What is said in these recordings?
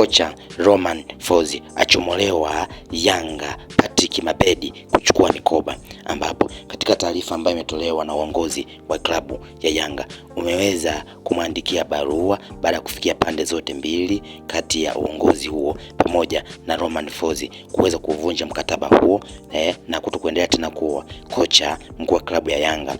kocha Roman Fozi achomolewa Yanga Patrick Mabedi kuchukua mikoba, ambapo katika taarifa ambayo imetolewa na uongozi wa klabu ya Yanga umeweza kumwandikia barua baada ya kufikia pande zote mbili kati ya uongozi huo pamoja na Roman Fozi kuweza kuvunja mkataba huo eh, na kutokuendelea tena kuwa kocha mkuu wa klabu ya Yanga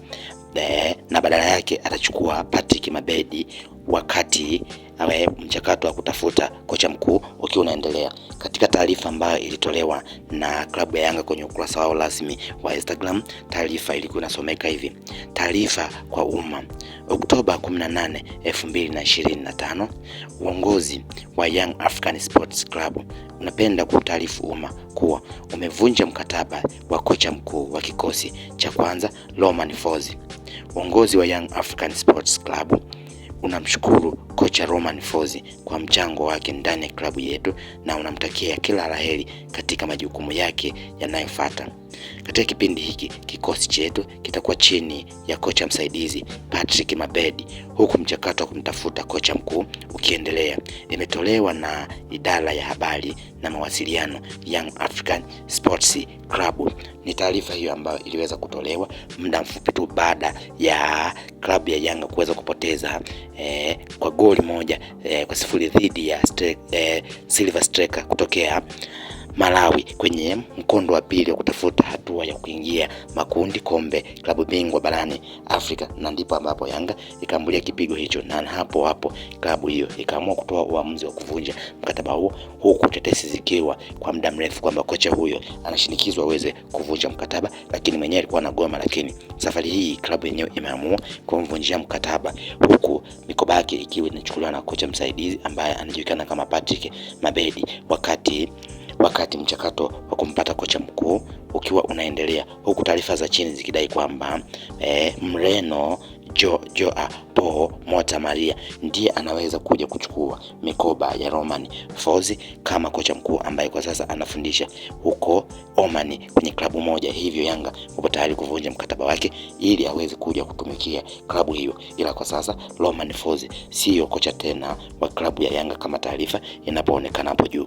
eh, na badala yake atachukua Patrick Mabedi wakati eh, mchakato wa kutafuta kocha mkuu ukiwa unaendelea. Katika taarifa ambayo ilitolewa na klabu ya Yanga kwenye ukurasa wao rasmi wa Instagram, taarifa ilikuwa inasomeka hivi: taarifa kwa umma, Oktoba 18, 2025, uongozi wa Young African Sports Club unapenda kutaarifu umma kuwa umevunja mkataba wa kocha mkuu wa kikosi cha kwanza Romain Folz. Uongozi wa Young African Sports Club unamshukuru kocha Roman Fozi kwa mchango wake ndani ya klabu yetu na unamtakia kila laheri katika majukumu yake yanayofuata. Katika kipindi hiki kikosi chetu kitakuwa chini ya kocha msaidizi Patrick Mabedi, huku mchakato wa kumtafuta kocha mkuu ukiendelea. Imetolewa na idara ya habari na mawasiliano Young African Sports Club. Ni taarifa hiyo ambayo iliweza kutolewa muda mfupi tu baada ya klabu ya Yanga kuweza kupoteza eh, kwa goli moja eh, kwa sifuri dhidi ya eh, Silver Striker kutokea Malawi kwenye mkondo wa pili wa kutafuta hatua ya kuingia makundi kombe klabu bingwa barani Afrika, na ndipo ambapo Yanga ikaambulia kipigo hicho, na hapo hapo klabu hiyo ikaamua kutoa uamuzi wa kuvunja mkataba huo, huku tetesi zikiwa kwa muda mrefu kwamba kocha huyo anashinikizwa aweze kuvunja mkataba, lakini mwenyewe alikuwa anagoma. Lakini safari hii klabu yenyewe imeamua kumvunjia mkataba, huku mikoba yake ikiwa inachukuliwa na kocha msaidizi ambaye anajulikana kama Patrick Mabedi wakati wakati mchakato wa kumpata kocha mkuu ukiwa unaendelea, huku taarifa za chini zikidai kwamba e, Mreno Jo, Joao Mota Maria ndiye anaweza kuja kuchukua mikoba ya Romain Folz kama kocha mkuu ambaye kwa sasa anafundisha huko Oman kwenye klabu moja, hivyo Yanga upo tayari kuvunja mkataba wake ili aweze kuja kutumikia klabu hiyo. Ila kwa sasa Romain Folz siyo kocha tena wa klabu ya Yanga kama taarifa inapoonekana hapo juu.